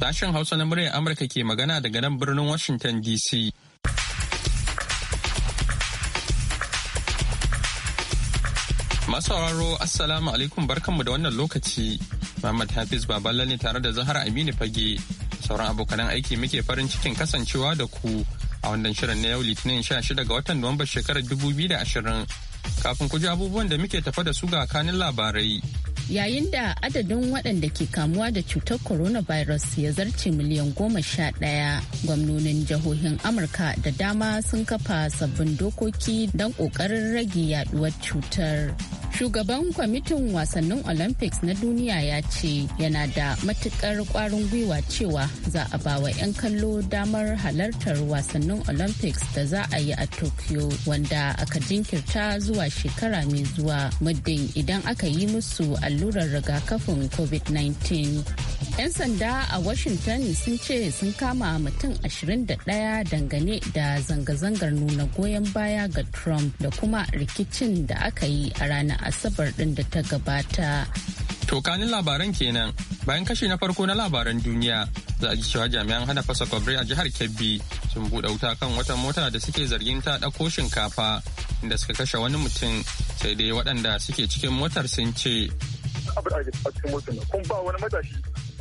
Sashen Hausa na muryar Amurka ke magana daga nan birnin Washington DC. Masu sauraro Assalamu alaikum barkanmu da wannan lokaci. Muhammad Hafiz Baballa ne tare da Zahar Aminu Fage. Sauran abokanan aiki muke farin cikin kasancewa da ku a wannan shirin na yau Litinin 16 ga watan nuwamba shekarar 2020. Kafin ku ji abubuwan da muke tafa da su ga kanin labarai. yayin da adadin waɗanda ke kamuwa da cutar coronavirus ya zarce miliyan goma sha ɗaya gwamnonin jihohin amurka da dama sun kafa sabbin dokoki don ƙoƙarin rage yaduwar cutar shugaban kwamitin wasannin olympics na duniya ya ce yana da matukar kwarin gwiwa cewa za a ba wa 'yan kallo damar halartar wasannin olympics da za a yi a tokyo wanda aka jinkirta zuwa shekara mai zuwa muddin idan aka yi musu allurar rigakafin covid-19 'Yan sanda a Washington sun ce sun kama mutum 21 dangane da zanga-zangar nuna goyon baya ga Trump da kuma rikicin da aka yi a ranar Asabar ɗin da ta gabata. Tokanin labaran kenan bayan kashi na farko na labaran duniya za a ji cewa jami'an hana fasa kwabre a jihar Kebbi sun buɗe wuta kan wata mota da suke zargin ta ɗauko shinkafa inda suka kashe wani mutum sai dai waɗanda suke cikin motar sun ce.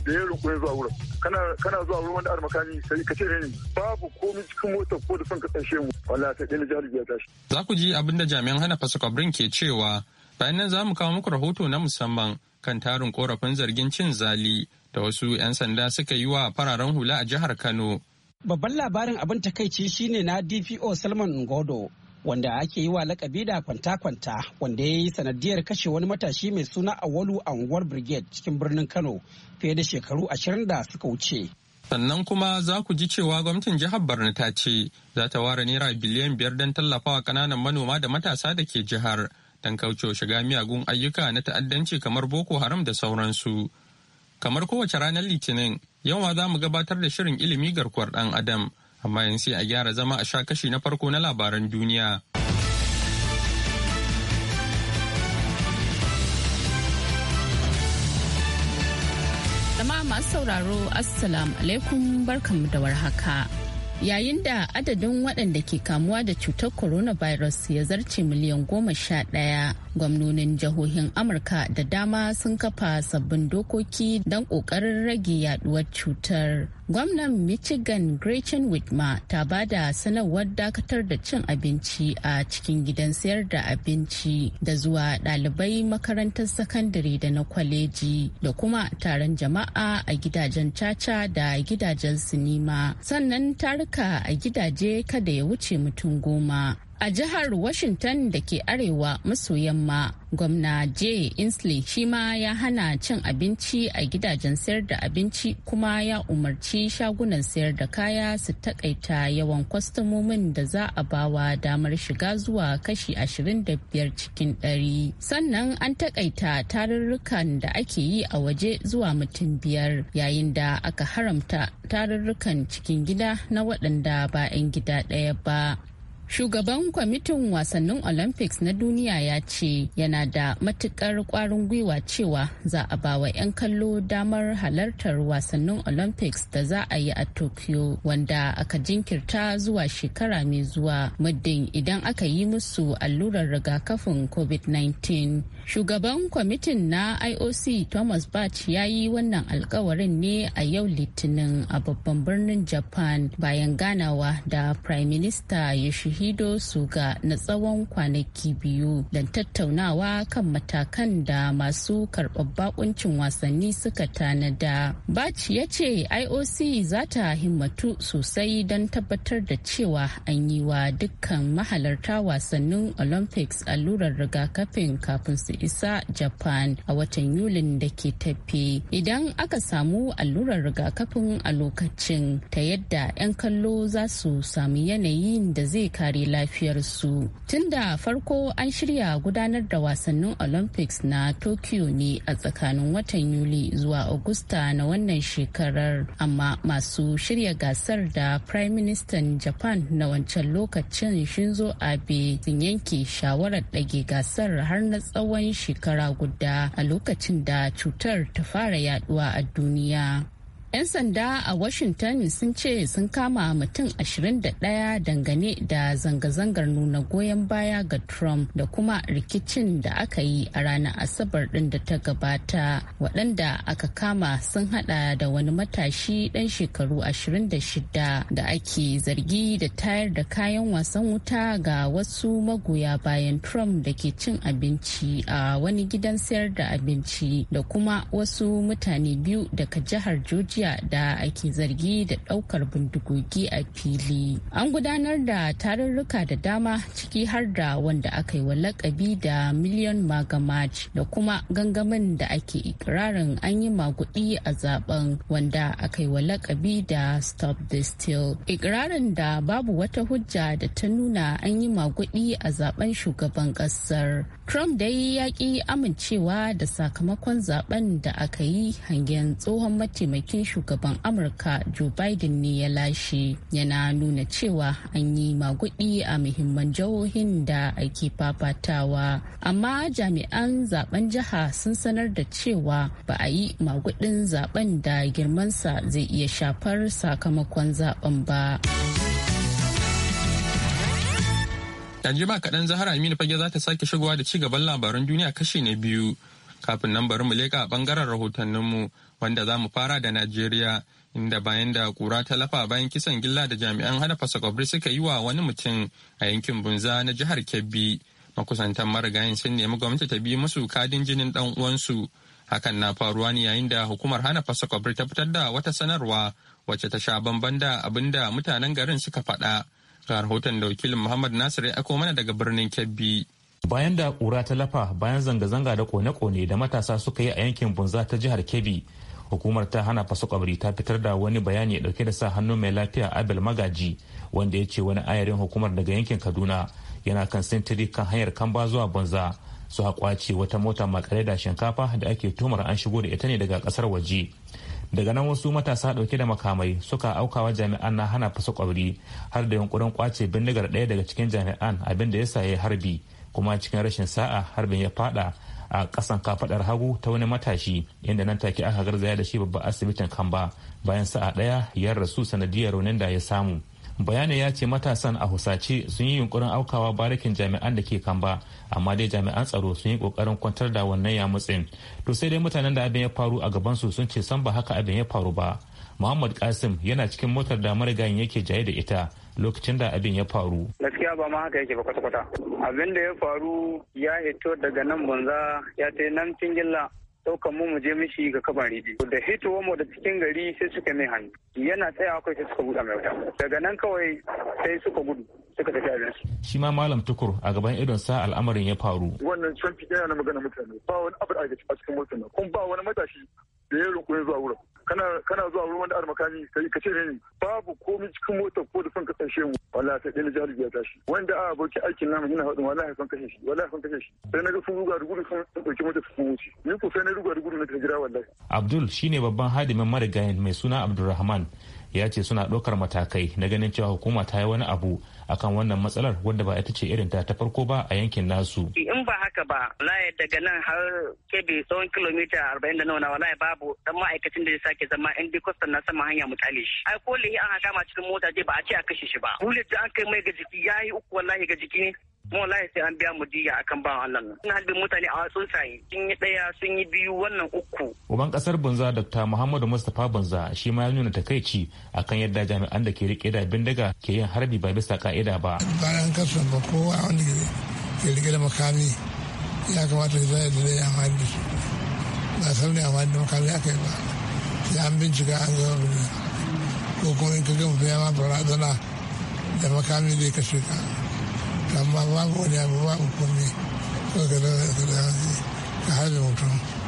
da ya roƙo zuwa wurin kana zuwa wurin wanda armakani sai ka ce ne babu komai cikin mota ko da son ka tsanshe mu wallahi sai dai jihar ya tashi za ku ji abin da jami'an hana fasikobrin ke cewa bayan nan za mu kawo muku rahoto na musamman kan tarin korafin zargin cin zali da wasu 'yan sanda suka yi wa fararen hula a jihar kano babban labarin abin takaici shine na dpo salman ngodo wanda ake yi wa lakabi da kwanta-kwanta wanda ya yi sanadiyar kashe wani matashi mai suna walu a unguwar brigade cikin birnin kano fiye da shekaru ashirin da suka wuce sannan kuma za ku ji cewa gwamnatin jihar borno ta ce za ta ware naira biliyan biyar don tallafawa kananan manoma da matasa da ke jihar don kaucewa shiga miyagun ayyuka na ta'addanci kamar boko haram da sauransu kamar kowace ranar litinin yau za mu gabatar da shirin ilimi garkuwar dan adam amma yanzu sai a gyara zama a sha kashi na farko na labaran duniya. Jama'a masu sauraro, Assalamu alaikum barkanmu da warhaka. yayin da adadin waɗanda ke kamuwa da cutar coronavirus ya zarce miliyan goma sha ɗaya gwamnonin jihohin amurka da dama sun kafa sabbin dokoki don ƙoƙarin rage yaduwar cutar gwamnan michigan gretchen whitmer ta ba da sanarwar dakatar da cin abinci a cikin gidan sayar da abinci da zuwa ɗalibai makarantar sakandare da na kwaleji da kuma taron jama'a a gidajen caca da gidajen sinima sannan ta Ka a gidaje kada ya wuce mutum goma A jihar Washington da ke arewa maso yamma, gwamna Jay Inslee shi ma ya hana cin abinci a gidajen sayar da abinci kuma ya umarci shagunan sayar da kaya su takaita yawan kwastomomin da za a bawa damar shiga zuwa kashi 25 cikin 100. Sannan an takaita tarurrukan da ake yi a waje zuwa mutum biyar yayin da aka haramta tarurrukan cikin gida na waɗanda ba 'yan gida ɗaya ba. Shugaban kwamitin wasannin Olympics na duniya ya ce yana da matukar kwarin gwiwa cewa za a ba wa 'yan kallo damar halartar wasannin Olympics da za a yi a Tokyo wanda aka jinkirta zuwa shekara mai zuwa muddin idan aka yi musu allurar rigakafin COVID-19. shugaban kwamitin na ioc thomas bach ya yi wannan alkawarin ne a yau litinin a babban birnin japan bayan ganawa da prime minister yoshihido suga na tsawon kwanaki biyu don tattaunawa kan matakan da masu karɓar bakuncin wasanni suka tanada bach ya ce ioc za ta himmatu sosai don tabbatar da cewa an yi wa dukkan mahalarta wasannin olympics allurar rigakafin kafin su isa japan a watan yulin da ke tafi idan aka samu allurar rigakafin a lokacin ta yadda 'yan kallo za su sami yanayin da zai kare lafiyarsu tun da farko an shirya gudanar da wasannin olympics na tokyo ne a tsakanin watan yuli zuwa augusta na wannan shekarar amma masu shirya gasar da prime minister japan na wancan lokacin shinzo abe sun yanke shawarar ɗage gasar har na tsawon shekara guda a lokacin da cutar ta fara yaduwa a duniya. 'Yan sanda a Washington sun ce sun kama mutum 21 dangane da zanga-zangar nuna goyon baya ga Trump da kuma rikicin da aka yi a ranar Asabar ɗin da ta gabata. Waɗanda aka kama sun haɗa da wani matashi ɗan shekaru 26 da ake zargi da tayar da kayan wasan wuta ga wasu magoya bayan Trump da ke cin abinci a wani gidan sayar da abinci da kuma wasu mutane biyu daga jihar Georgia. jiya da ake zargi da ɗaukar bindigogi a fili. An gudanar da tarurruka da dama ciki har da wanda aka yi wa da miliyan magamaj da kuma gangamin da ake ikirarin an yi magudi a zaben wanda aka yi wa lakabi da Stop the Steal. Ikirarin da babu wata hujja da ta nuna an yi magudi a zaben shugaban ƙasar. Trump dai ya ƙi amincewa da sakamakon zaben da aka yi hangen tsohon mataimakin shugaban Amurka Joe Biden ne ya lashe. Yana nuna cewa an yi magudi a muhimman jihohin da ake fafatawa. Amma jami'an zaben jiha sun sanar da cewa ba a yi magudin zaben da girmansa zai iya shafar sakamakon zaben ba. Yan jima kaɗan Zahara Aminu fage za ta sake shigowa da ci gaban labaran duniya kashi na biyu. Kafin nan bari mu leƙa ɓangaren rahotanninmu wanda za mu fara da Najeriya inda bayan da ƙura ta lafa bayan kisan gilla da jami'an hana kwabri suka yi wa wani mutum a yankin Bunza na jihar Kebbi. Makusantan marigayin sun nemi gwamnati ta bi musu kadin jinin ɗan uwansu. Hakan na faruwa ne yayin da hukumar hana fasakwabri ta fitar da wata sanarwa wacce ta sha bamban da abin da mutanen garin suka faɗa. Ga rahoton da wakilin Muhammad Nasir ya ako mana daga birnin Kebbi. Bayan da ƙura ta lafa bayan zanga-zanga da kone-kone da matasa suka yi a yankin Bunza ta jihar Kebbi, hukumar ta hana faso kabri ta fitar da wani bayani dauke da sa hannu mai lafiya abel magaji wanda ya ce wani ayarin hukumar daga yankin kaduna yana kan sintiri kan hanyar kamba zuwa banza su haƙwace wata mota makare da shinkafa da ake tumar an shigo da ita ne daga ƙasar waje daga nan wasu matasa dauke da makamai suka aukawa jami'an na hana fasa kwabri har da yunkurin kwace bindigar ɗaya daga cikin jami'an abinda ya saye harbi kuma cikin rashin sa'a harbin ya fada a kasan kafadar hagu ta wani matashi inda nan take aka garzaya da shi babban asibitin kamba bayan sa'a ɗaya ya rasu sanadiyar raunin da ya samu bayanin ya ce matasan a husace sun yi yunkurin aukawa barikin jami'an da ke kamba amma dai jami'an tsaro sun yi kokarin kwantar da wannan ya mutsin to sai dai mutanen da abin ya faru a gaban su sun ce san ba haka abin ya faru ba muhammad kasim yana cikin motar da marigayin yake jaye da ita lokacin da abin ya faru gaskiya ba ma haka yake ba kwata-kwata abin da ya faru ya hito daga nan banza ya ta nan cingilla ɗaukan mu mu je mishi ga kaba biyu. da hitowar mu da cikin gari sai suka mai hannu yana tsaya kai sai suka buɗe mai daga nan kawai sai suka gudu suka tafi abin su. shi ma malam tukur a gaban idon sa al'amarin ya faru. wannan can fi yana magana mutane ba wani abu da ake a cikin mutane kuma ba wani matashi da ya rukuni zuwa wurin. kana zuwa wurin wanda armakami kai ka ce ne babu komai cikin motar ko da son ka tsanshe mu wallahi sai dai jahil ya tashi wanda a abokin aikin namu yana hadin wallahi son kashe shi wallahi son kashe shi sai na ga sun ruga da gudu sun dauki motar sun wuce ni ko sai na ruga da gudu na ta jira wallahi Abdul shine babban hadimin marigayin mai suna Abdulrahman ya ce suna ɗaukar matakai na ganin cewa hukuma ta yi wani abu akan wannan matsalar wadda ba ita ce irin ta ta farko ba a yankin nasu. In ba haka ba, laye daga nan har kebe tsawon kilomita arba'in da nauna wallahi babu dan ma'aikacin da ya sake zama in bi kwastan na sama hanya mu mutane shi. Ai ko lihi an haka ma cikin mota je ba a ce a kashe shi ba. Bullet da an kai mai ga jiki ya yi uku wallahi ga jiki ne. mu wallahi sai an biya mu diya akan bawan Allah nan halbin mutane a sun sai sun yi daya sun yi biyu wannan uku uban kasar banza dr muhammadu mustapha banza shi ma ya nuna takaici akan yadda jami'an da ke rike da bindiga ke yin harbi ba bisa ka'ida ba bayan kasan ba kowa wanda ke rike da makami ya kamata ya zai da ya amfani da su ba san ne amfani da makami aka yi ba sai an bincika an ga ko kuma in ka gama fiye ma barazana da makami zai kashe ka amma babu wani abu babu kome to ka da halin mutum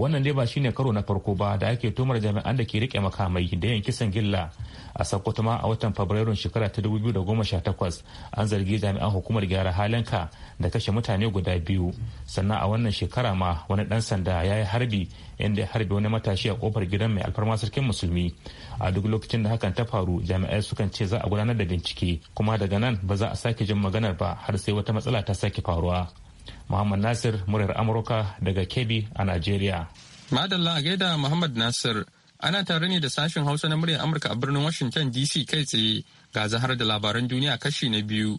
wannan dai ba shine karo na farko ba da ake tumar jami'an da ke rike makamai da yan kisan gilla a sakkwato ma a watan fabrairun shekara ta 2018 an zargi jami'an hukumar gyara halinka da kashe mutane guda biyu sannan a wannan shekara ma wani dan sanda ya yi harbi inda ya harbi wani matashi a kofar gidan mai alfarma sarkin musulmi a duk lokacin da hakan ta faru jami'ai sukan ce za a gudanar da bincike kuma daga nan ba za a sake jin maganar ba har sai wata matsala ta sake faruwa Muhammad Nasir muryar Amurka daga Kebbi a Najeriya. Madalla a gaida Muhammad Nasir ana tare ne da sashen Hausa na muryar Amurka a birnin Washington DC kai tsaye ga zahar da labaran duniya kashi na biyu.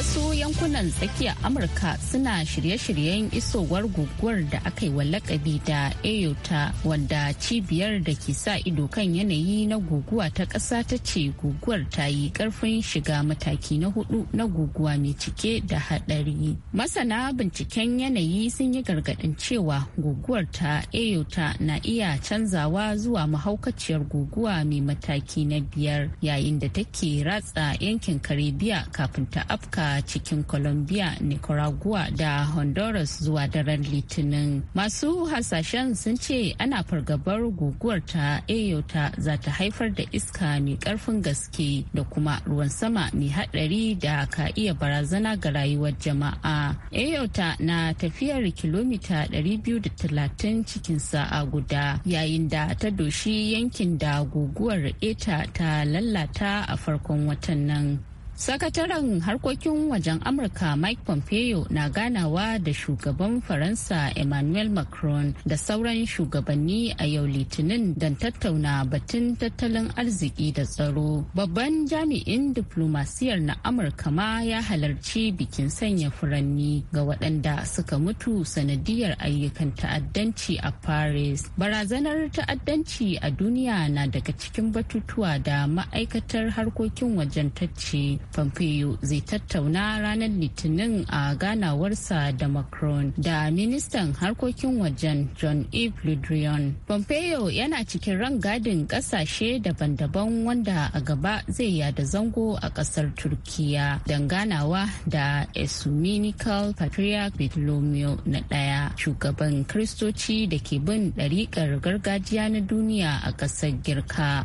wasu yankunan tsakiyar amurka suna shirye-shiryen isowar guguwar da aka yi lakabi da eyota wanda cibiyar da ke sa ido kan yanayi na guguwa ta ƙasa ta ce guguwar ta yi ƙarfin shiga mataki na hudu na guguwa mai cike da haɗari masana binciken yanayi sun yi gargaɗin cewa guguwar ta ayota na iya canzawa zuwa mahaukaciyar guguwa mai mataki na biyar yayin da take ratsa yankin karibiya kafin ta afka cikin colombia nicaragua da honduras zuwa daren litinin masu hasashen sun ce ana fargabar guguwar ta eyota za ta haifar da iska mai karfin gaske da kuma ruwan sama mai haɗari da ka iya barazana ga rayuwar jama'a eyota na tafiyar kilomita 230 cikin sa'a guda yayin da ta doshi yankin da guguwar eta ta lallata a farkon watan nan Sakataren harkokin wajen Amurka Mike Pompeo na ganawa da shugaban Faransa Emmanuel Macron da sauran shugabanni a yau Litinin don tattauna batun tattalin arziki da tsaro. Babban jami'in diplomasiyar na Amurka ma ya halarci bikin sanya furanni ga waɗanda suka mutu sanadiyar ayyukan ta'addanci a Paris. Barazanar ta'addanci a duniya na daga cikin batutuwa da ma'aikatar harkokin wajen tacce pompeo zai tattauna ranar litinin a ganawarsa da macron da ministan harkokin wajen john eve ludrion pompeo yana cikin rangadin kasashe daban-daban wanda a gaba zai yada zango a kasar turkiya don ganawa da ecumenical patriarch Bartholomew na ɗaya shugaban kristoci da ke bin ɗariƙar gargajiya na duniya a ƙasar girka.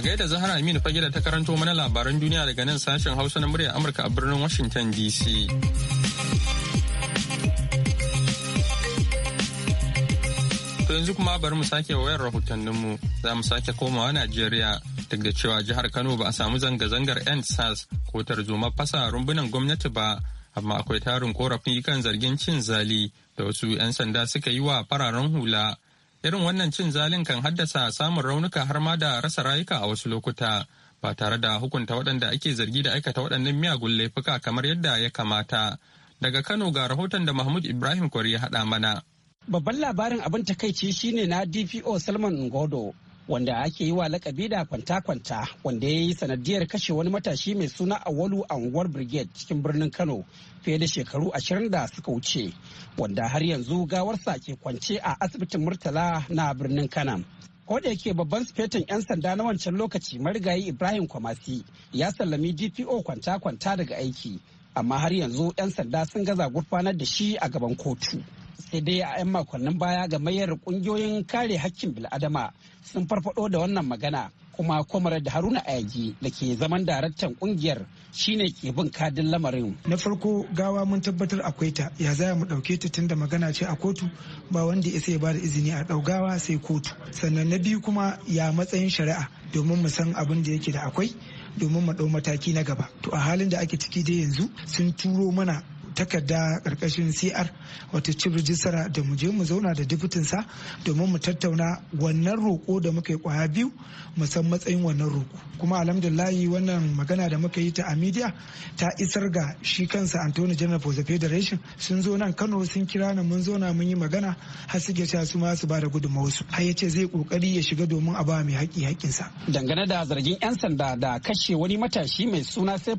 A gaida zahara Aminu fage ta karanto mana labaran duniya daga nan sashen Hausa na muryar Amurka a birnin Washington DC. To yanzu kuma bari mu sake wayar rahotanninmu za mu sake komawa Najeriya duk da cewa jihar Kano ba a samu zanga-zangar end sars ko tarzoma fasa rumbunan gwamnati ba amma akwai tarin korafi kan zargin cin zali da wasu 'yan sanda suka yi wa fararen hula Irin wannan cin zalin kan haddasa samun raunuka har ma da rasa rayuka a wasu lokuta ba tare da hukunta waɗanda ake zargi da aikata waɗannan miyagun laifuka kamar yadda ya kamata. Daga Kano ga rahoton da Mahmud Ibrahim Kwari ya haɗa mana. Babban labarin abin takaici shine na DPO Salman Ngodo wanda ake yi wa lakabi da kwanta-kwanta wanda ya yi sanadiyar kashe wani matashi mai suna a walu a unguwar brigade cikin birnin kano fiye da shekaru ashirin da suka wuce wanda har yanzu gawarsa ke kwance a asibitin murtala na birnin kano Ko da yake babban sifetin 'yan sanda na wancan lokaci marigayi ibrahim kwamasi ya sallami dpo kwanta-kwanta daga aiki amma har yanzu 'yan sanda sun gaza gurfanar da shi a gaban kotu. sai dai a 'yan makonnin baya ga mayar kungiyoyin kare hakkin bil'adama sun farfado da wannan magana kuma kwamar da haruna ayagi da ke zaman daraktan kungiyar shine ke bin kadin lamarin na farko gawa mun tabbatar akwai ta ya za mu dauke ta tunda magana ce a kotu ba wanda ya sai ba da izini a dau gawa sai kotu sannan na biyu kuma ya matsayin shari'a domin mu san abin da yake da akwai domin mu ɗau mataki na gaba to a halin da ake ciki dai yanzu sun turo mana takarda karkashin cr wata chief rijistara da mu je mu zauna da sa domin mu tattauna wannan roko da muka yi kwaya biyu mu san matsayin wannan roko kuma alhamdulillahi wannan magana da muka yi ta a media ta isar ga shi kansa antonio general for the federation sun zo nan kano sun kira ni mun zo na mun yi magana har suke cewa su ma su ba da su har ya ce zai kokari ya shiga domin a ba mai haƙi sa. dangane da zargin 'yan sanda da kashe wani matashi mai suna sai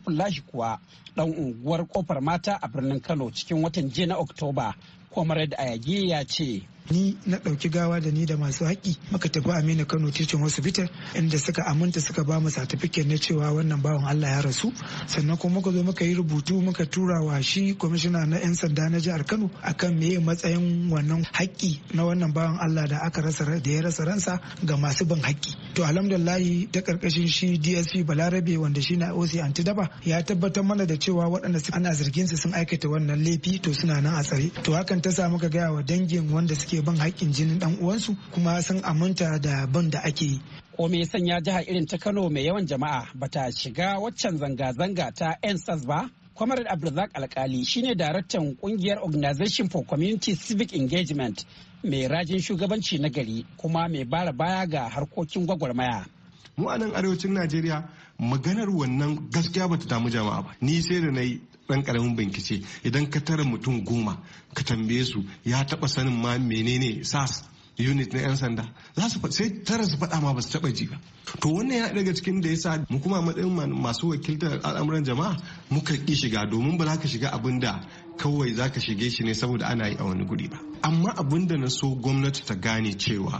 kuwa dan unguwar kofar mata a birnin kano cikin watan jiya na oktoba kwamar da ayagi ya ce ni na ɗauki gawa da ni da masu haƙi muka tafi aminu kano titin hospital inda suka aminta suka ba mu satifiket na cewa wannan bawan allah ya rasu sannan kuma muka zo muka yi rubutu muka tura wa shi kwamishina na 'yan sanda na jihar kano akan me matsayin wannan haƙƙi na wannan bawan allah da aka rasa da ya rasa ransa ga masu bin haƙƙi to alhamdulillahi ta karkashin shi dsp balarabe wanda shi na oc daba ya tabbatar mana da cewa waɗanda ana zargin su sun aikata wannan laifi to suna nan a tsare to hakan ta sa muka gaya wa dangin wanda suke suke bin haƙƙin jinin ɗan uwansu kuma sun aminta da bin da ake yi. Ko me sanya jiha irin ta Kano mai yawan jama'a bata shiga waccan zanga-zanga ta 'yan sas ba? Kwamarar Abdulrazak Alkali shine daraktan ƙungiyar Organization for Community Civic Engagement mai rajin shugabanci na gari kuma mai bara baya ga harkokin gwagwarmaya. Mu a nan arewacin Najeriya maganar wannan gaskiya bata damu jama'a ba. Ni sai da na yi dan karamin bankice idan ka tara mutum goma ka tambaye su ya taba sanin ma menene sas unit na 'yan sanda za su sai tara su faɗa ma ba su taɓa ji ba to wannan ya daga cikin da yasa mu kuma matsayin masu wakiltar al'amuran jama'a muka ki shiga domin ba za ka shiga abin da kawai za ka shige shi ne saboda ana yi a wani guri ba amma abin da na so gwamnati ta gane cewa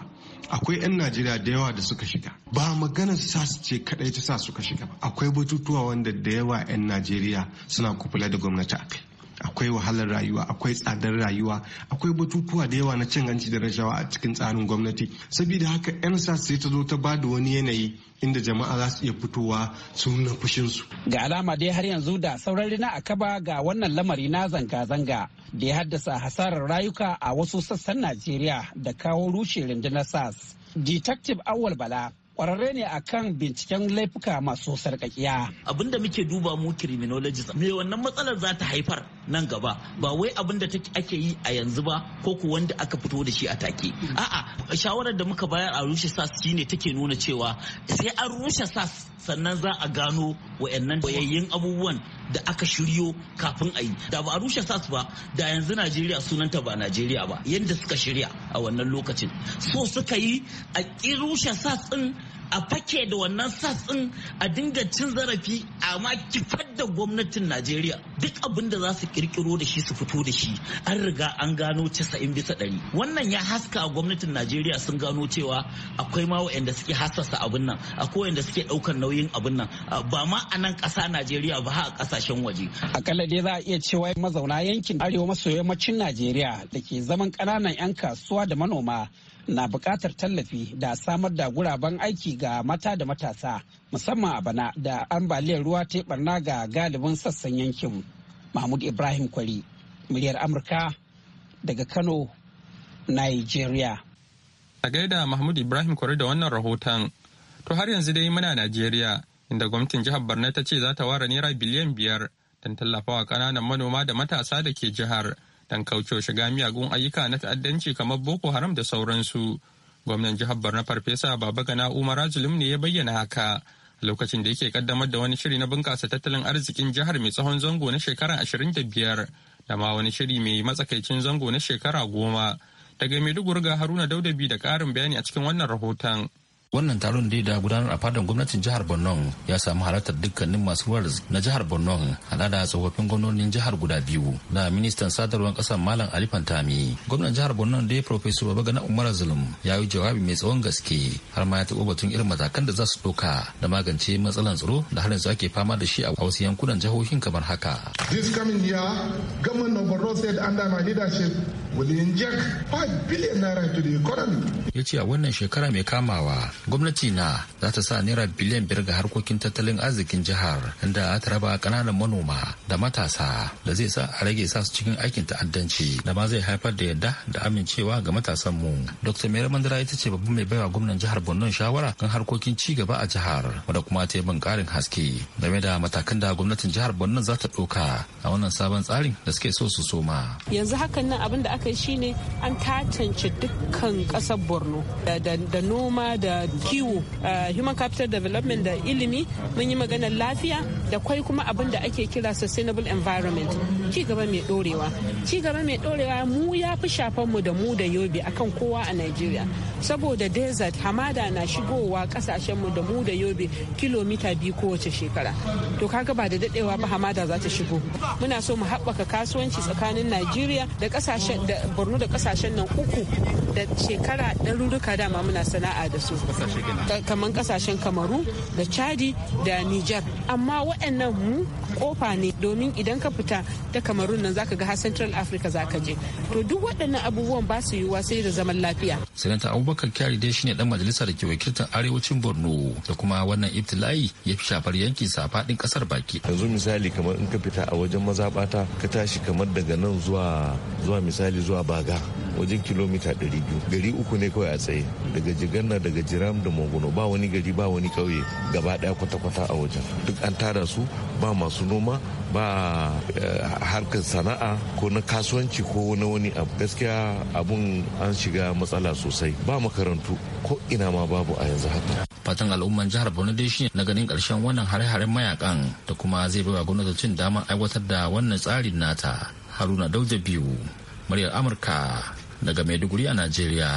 akwai 'yan najeriya da yawa da suka shiga ba magana sa su ce kadai ta sa suka shiga ba akwai batutuwa wanda da yawa 'yan najeriya suna kufula da gwamnati a kai akwai wahalar rayuwa akwai tsadar rayuwa akwai batutuwa da yawa na cin hanci da rashawa a cikin tsarin gwamnati saboda haka yan sai ta zo ta ba da wani yanayi inda jama'a za su iya fitowa su fushin su. ga alama dai har yanzu da saurari na a kaba ga wannan lamari na zanga-zanga da ya haddasa hasarar rayuka a wasu sassan najeriya da kawo rushe rundunar sas detective awal bala kwararre ne akan binciken laifuka masu sarkakiya. Abin da muke duba mu criminologist me wannan matsalar za ta haifar nan gaba ba wai abin da ake yi a yanzu ba ko ku wanda aka fito da shi a take. A'a shawarar da muka bayar a rushe SAS shi ne take nuna cewa sai an rushe SAS sannan za a gano wayannan wayayyin abubuwan da aka shiryo kafin a yi da ba a rushe sas ba da yanzu najeriya sunanta ba najeriya ba yadda suka shirya a wannan lokacin so suka yi a rushe sas din a fake da wannan satsin a dinga cin zarafi amma kifar da gwamnatin Najeriya duk abin da za su kirkiro da shi su fito da shi an riga an gano 90 bisa ɗari wannan ya haska a gwamnatin Najeriya sun gano cewa akwai ma waɗanda suke hassasa abin nan akwai waɗanda suke ɗaukar nauyin abin nan ba ma a nan ƙasa Najeriya ba a ƙasashen waje akalla dai za a iya cewa mazauna yankin arewa maso yammacin Najeriya da ke zaman ƙananan 'yan kasuwa da manoma na buƙatar tallafi da samar da guraben aiki ga mata da matasa musamman a bana da ambaliyar ruwa ta yi barna ga galibin sassan yankin mahmud ibrahim kwari muryar amurka daga kano nigeria a gaida mahmud ibrahim kwari da wannan rahoton to har yanzu dai muna nigeria inda gwamnatin jihar borno ta ce za ta ware naira biliyan biyar don tallafawa ƙananan manoma da matasa da ke jihar don kaucewa shiga miyagun ayyuka na ta'addanci kamar boko haram da sauransu gwamnan jihar borno farfesa babagana umar azulum ne ya bayyana haka lokacin da yake kaddamar da wani shiri na bunkasa tattalin arzikin jihar mai tsohon zango na shekara ashirin da biyar da ma wani shiri mai matsakaicin zango na shekara goma daga maiduguri ga haruna daudabi da ƙarin bayani a cikin wannan rahoton wannan taron da da gudanar a fadan gwamnatin jihar borno ya samu halartar dukkanin masu ruwa na jihar borno hada da tsofaffin gwamnonin jihar guda biyu na ministan sadarwar kasar malam ali fantami gwamnan jihar borno da ya profesor babagana umar zulum ya yi jawabi mai tsawon gaske har ma ya taɓo batun irin matakan da za su ɗauka da magance matsalan tsaro da har yanzu ake fama da shi a wasu yankunan jihohin kamar haka. This coming year, government of Borno under my leadership will inject 5 billion naira to the economy. Ya ce a wannan shekara mai kamawa gwamnati na za ta sa naira biliyan biyar ga harkokin tattalin arzikin jihar inda ta raba kananan manoma da matasa da zai sa a rage sa su cikin aikin ta'addanci da ma zai haifar da yadda da amincewa ga matasan mu dr mandara ita ce babban mai baiwa gwamnan jihar borno shawara kan harkokin ci gaba a jihar wanda kuma ta yi min karin haske game da matakan da gwamnatin jihar borno za ta ɗauka a wannan sabon tsarin da suke so su soma yanzu hakan nan abin da aka yi shine an tatance dukkan ƙasar borno da noma da kiwo uh, human capital development da ilimi mun yi maganar lafiya da kwai kuma abin da ake kira sustainable environment ci gaba mai dorewa ci gaba mai dorewa mu ya fi shafan mu da mu da yobe akan kowa a nigeria saboda desert hamada na shigowa kasashen mu da mu da yobe kilomita biyu kowace shekara to kaga ba da dadewa ba hamada za ta shigo muna so mu haɓaka kasuwanci tsakanin nigeria da kasashen da Borno da kasashen nan uku da shekara ɗaruruka dama muna sana'a da su kamar kasashen Kamaru da Chadi da Niger amma waɗannan mu kofa ne domin idan ka fita ta kamarun nan zaka ga har central africa zaka je to duk waɗannan abubuwan ba su yiwuwa sai da zaman lafiya sanata abubakar kyari dai shine dan majalisar da ke wakiltar arewacin borno da kuma wannan ibtila'i ya fi shafar yankin sa faɗin ƙasar baki yanzu misali kamar in ka fita a wajen mazaɓata ka tashi kamar daga nan zuwa zuwa misali zuwa baga wajen kilomita 200 gari uku ne kawai a tsaye daga jiganna daga jiram da mangono ba wani gari ba wani kauye gaba daya kwata-kwata a wajen duk an tara su ba masu noma ba eh, harkar sana'a ko na kasuwanci ko na wani abu gaskiya abun an shiga matsala sosai ba makarantu ko ina ma babu a yanzu haka fatan al'umman jihar borno dai shine na ganin karshen wannan hare-haren mayakan da kuma zai baiwa gwamnatocin dama aiwatar da wannan tsarin nata haruna dauja biyu muryar amurka daga Maiduguri a Najeriya.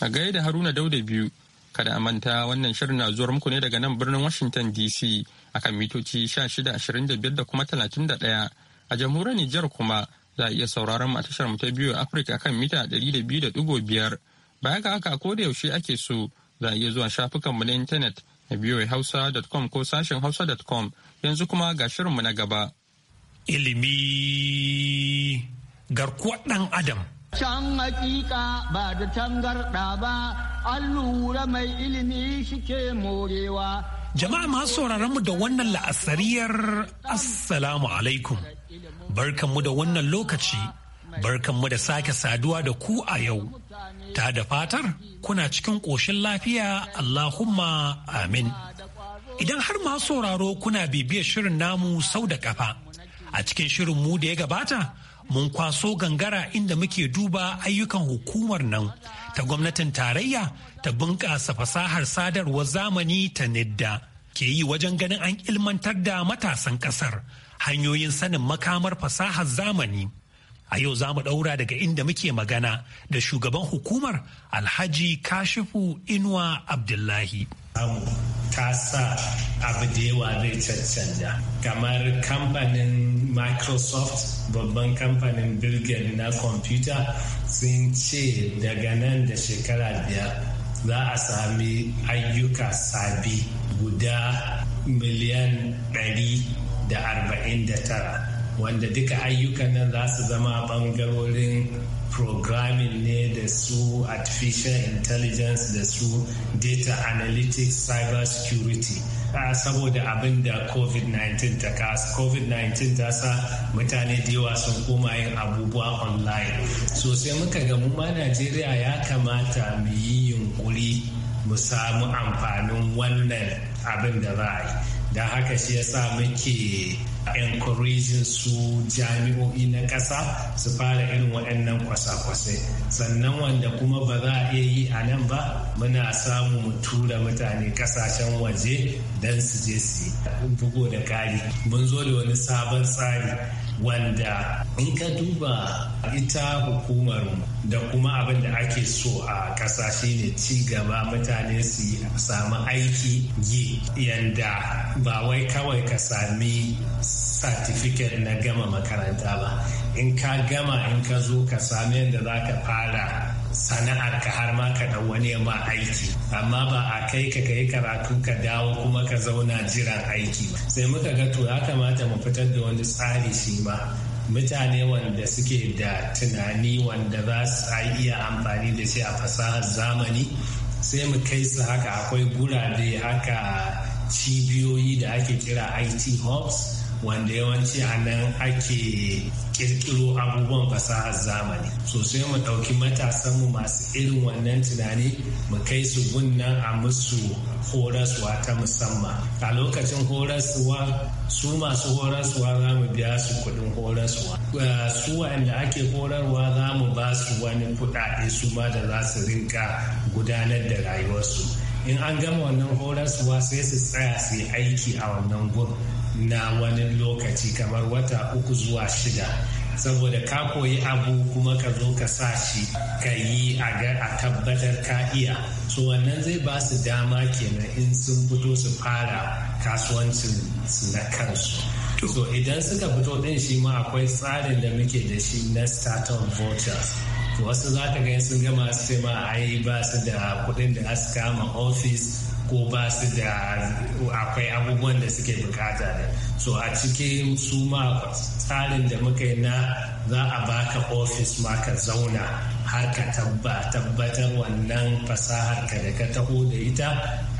A gaida Haruna Dauda biyu, kada a manta wannan shirin na zuwar muku ne daga nan birnin Washington DC a kan mitoci 1625 da kuma 31 a jamhuriyar Nijar kuma za a iya sauraron mu a tashar mu ta biyu a Afirka kan mita 200.5 baya ga haka ko da yaushe ake so za a iya zuwa shafukan mu na intanet na hausa.com ko sashen hausa.com yanzu kuma ga shirinmu na gaba. Ilimi garkuwar ɗan Adam. Can hakika ba da tangarɗa ba, an lura mai ilimi shike morewa. Jama'a masu sauraron mu da wannan la'asariyar Assalamu alaikum. barkan mu da wannan lokaci, mu da sake saduwa da ku a yau. Ta da fatar kuna cikin ƙoshin lafiya Allahumma amin. Idan har masu sauraro kuna bibiyar shirin namu sau da kafa a cikin shirin mu da ya gabata. mun kwaso gangara inda muke duba ayyukan hukumar nan ta gwamnatin tarayya ta bunƙasa fasahar sadarwar zamani ta nidda ke yi wajen ganin an ilmantar da matasan ƙasar hanyoyin sanin makamar fasahar zamani a yau za mu ɗaura daga inda muke magana da shugaban hukumar alhaji kashifu inuwa abdullahi ta sa abu da yawa zai cancanja kamar kamfanin microsoft babban kamfanin bilgen na kwamfuta sun ce daga nan da shekara biyar za a sami ayyuka sabi guda miliyan da 149 wanda duka ayyukan nan za su zama bangarorin programming ne da su artificial intelligence da su data analytics cyber security saboda abin da covid-19 ta kasa covid-19 ta sa mutane da yawa sun koma yin abubuwa online sosai sai muka ga mu ma najeriya ya kamata mu yi yunkuri mu samu amfanin wannan abin da za a yi don haka shi ya sa muke encouraging su jami'o'i na ƙasa su fara irin waɗannan kwasa-kwasai sannan wanda kuma ba za a iya yi a nan ba muna samu mu tura mutane ƙasashen waje don su je su yi bugo da ƙari. mun zo da wani sabon tsari wanda in ka duba ita hukumar da kuma abin da ake so a kasashe ne ci gaba mutane su samu aiki yi yanda ba wai kawai ka sami satifiket na gama makaranta ba in ka gama in ka zo ka sami yadda za ka fara sana'ar ka har ma ka wani wani ma aiki amma ba a kai ka kai karatu ka dawo kuma ka zauna jiran aiki ba sai muka ga to ya kamata mu fitar da wani tsari shi ma mutane wanda suke da tunani wanda za su iya amfani da shi a fasahar zamani sai mu kai su haka akwai gurabe haka cibiyoyi da ake kira IT hubs wanda yawanci a nan ake kirkiro abubuwan fasahar zamani so sai mu ɗauki matasanmu masu irin wannan tunani mu kai su gunnan a musu horaswa ta musamman a lokacin horaswa su masu horaswa za mu biya su kuɗin horaswa eh, su wanda ake horarwa za mu ba su wani kuɗaɗe su ma da za su rinka gudanar da rayuwarsu in an gama wannan horaswa sai su tsaya su yi aiki a wannan gurin na wani lokaci kamar wata uku zuwa shida saboda ka koyi abu kuma ka zo ka sa shi ka yi a ga a tabbatar ka iya so wannan zai ba su dama kenan in sun fito su fara kasuwancin su na kansu so idan suka fito din shi ma akwai tsarin da muke da shi na startup vouchers wasu za ka gani sun gama su ce ma ai ba su da kuɗin da aska kama office ko ba su da akwai abubuwan da suke bukata ne so a cikin su ma tsarin da muka yi na za a baka ofis ma ka zauna har ka tabbatar wannan fasahar ka da ka taho da ita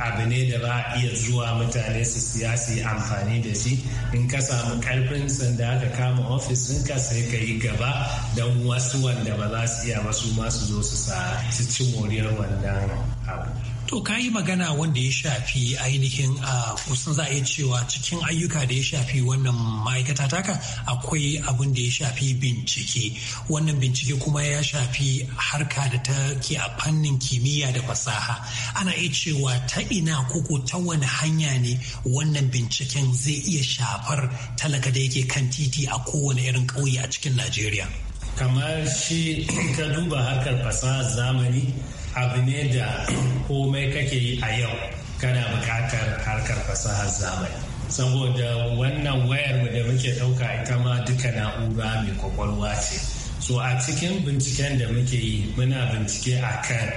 abu ne da ba a iya zuwa mutane su siya su yi amfani da shi in ka samu karfin sanda aka kama ofis in ka sai ka yi gaba don wasu wanda ba za su iya ba su ma su zo su ci moriyar wannan abu To ka yi magana wanda ya shafi ainihin a kusan za a cewa cikin ayyuka da ya shafi wannan ma'aikata taka akwai abin da ya shafi bincike. Wannan bincike kuma ya shafi harka da ta ke a fannin kimiyya da fasaha. Ana iya cewa ta ina koko ta wani hanya ne wannan binciken zai iya shafar talaka da yake kan titi a kowane irin ƙauye a cikin Najeriya. Kamar shi ka duba harkar fasaha zamani. abu ne da komai kake yi a yau kana buƙatar harkar fasahar zamani saboda wannan wayar da muke ɗauka ita ma duka na'ura mai kwakwalwa ce so a cikin binciken da muke yi muna bincike a kan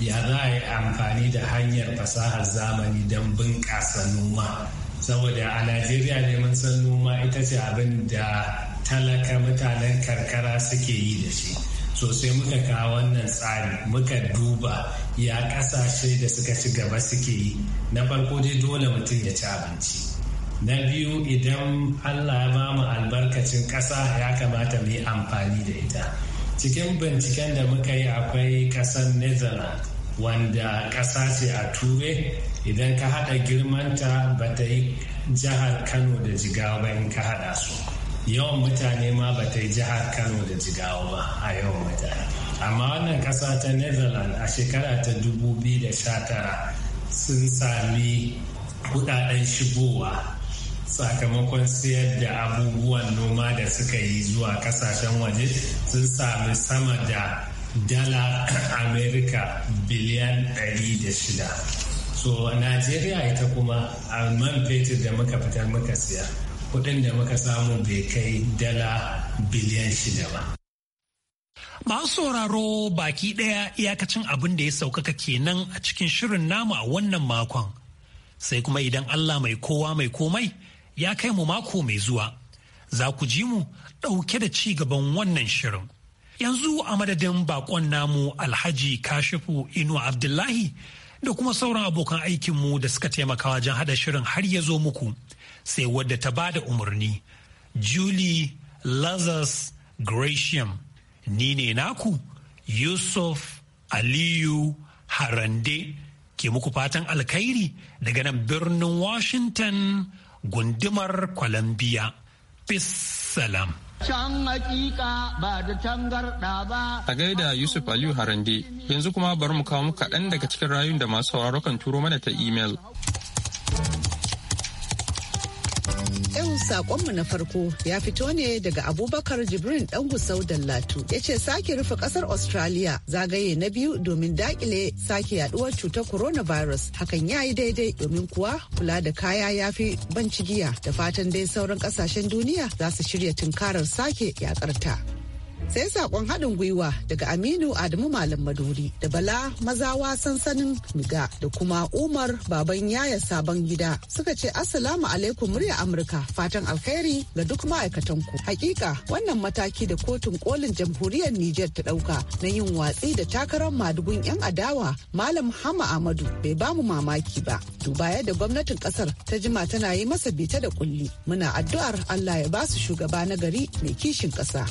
ya za a yi amfani da hanyar fasahar zamani don bunƙasa noma saboda a najeriya neman mun san noma ita ce abin da talaka mutanen karkara suke yi da shi so sai muka kawo wannan tsari muka duba ya kasashe da suka ci gaba suke yi na farko dai dole mutum ya ci abinci na biyu idan allah ya bamu albarkacin ƙasa ya kamata mu yi amfani da ita cikin binciken da muka yi akwai ƙasar netherlands wanda ƙasa ce a ture idan ka haɗa girmanta ba ta yi jihar kano da jigawa in ka haɗa su yawan mutane ma ba ta yi jihar kano da jigawa ba a yawan mutane amma wannan kasa ta netherlands a shekara ta 2019 sun sami kudaden shigowa sakamakon sayar da abubuwan noma da suka yi zuwa kasashen waje sun sami sama da dala amerika biliyan 106 so najeriya ita kuma a man fetur da muka fitar muka siya kudin da muka samu bai kai dala biliyan shida ba. Masu sauraro baki ɗaya iyakacin abin da ya saukaka kenan a cikin shirin namu a wannan makon. Sai kuma idan Allah mai kowa mai komai ya kai mu mako mai zuwa, za ku ji mu ɗauke da ci gaban wannan shirin. Yanzu a madadin bakon namu Alhaji Kashifu Inu Abdullahi da kuma sauran abokan aikinmu da suka taimaka wajen hada shirin har ya zo muku sai wadda ta ba da umarni julie lazarus gratium ni ne naku yusuf aliyu harande ke muku fatan alkhairi daga nan birnin washington gundumar columbia peace salam Can hakika ba da tangarɗa ba. A gaida Yusuf Aliyu Harande, yanzu kuma bari mu kawo muku kaɗan daga cikin rayun da masu sauraro kan turo mana ta imel. sakonmu na farko ya fito ne daga Abubakar Jibrin dan Gusau Dallatu. Ya ce sake rufe kasar Australia zagaye na biyu domin dakile sake yaduwar cutar coronavirus. Hakan ya yi daidai domin kuwa kula da kaya ya fi ban cigiya da fatan dai sauran kasashen duniya za su shirya tunkarar sake yakarta. sai saƙon haɗin gwiwa daga aminu adamu malam maduri da bala mazawa sansanin miga da kuma umar baban yaya sabon gida suka ce assalamu alaikum murya amurka fatan alkhairi ga duk ma'aikatan ku hakika wannan mataki da kotun kolin jamhuriyar niger ta ɗauka na yin watsi da takarar madugun yan adawa malam hama amadu bai bamu mamaki ba duba da gwamnatin kasar ta jima tana yi masa bita da kulli muna addu'ar allah ya ba su shugaba na gari mai kishin ƙasa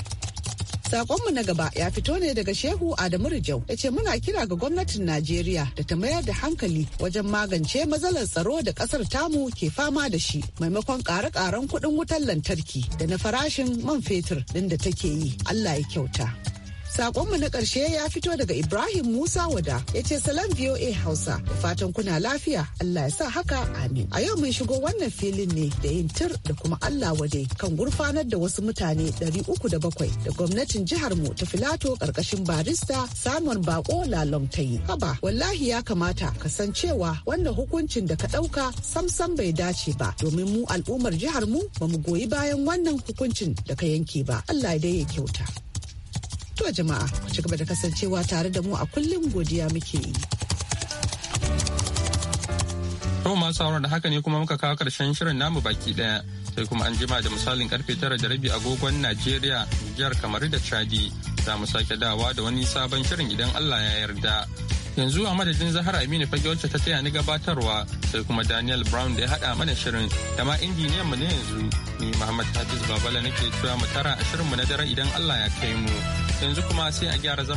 Sakonmu na gaba ya fito ne daga Shehu Adamu Rijau ya ce muna kira ga gwamnatin Najeriya da ta mayar da hankali wajen magance matsalar tsaro da kasar tamu ke fama da shi maimakon ƙare-ƙaren kuɗin wutar lantarki da na farashin man fetur ɗin da take yi. Allah ya kyauta. Sakonmu na ƙarshe ya fito daga Ibrahim Musa Wada ya ce salam VOA Hausa da fatan kuna lafiya Allah ya sa haka amin. A yau mun shigo wannan filin ne da yin tir da kuma Allah wade kan gurfanar da wasu mutane uku da bakwai da gwamnatin jihar mu ta Filato ƙarƙashin barista Samun Bako Lalong ta yi. Haba wallahi ya kamata ka san cewa wannan hukuncin da ka ɗauka samsam bai dace ba domin mu al'ummar jihar mu ba mu goyi bayan wannan hukuncin da ka yanke ba. Allah dai ya kyauta. To jama'a, ku ci gaba da kasancewa tare da mu a kullum godiya muke yi. To masu sauran da haka ne kuma muka kawo karshen shirin namu baki daya. Sai kuma an jima da misalin karfe tara da rabi agogon Najeriya, jihar kamar da Chadi. Za mu sake dawa da wani sabon shirin idan Allah ya yarda. yanzu a madadin zahara aminu fage wacce ta taya ni gabatarwa sai kuma daniel brown da ya haɗa mana shirin da ma injiniyan mu ne yanzu ni muhammad hafiz babala nake cewa mu tara a shirin mu na dare idan allah ya kai mu. yanzu kuma sai a gyara zama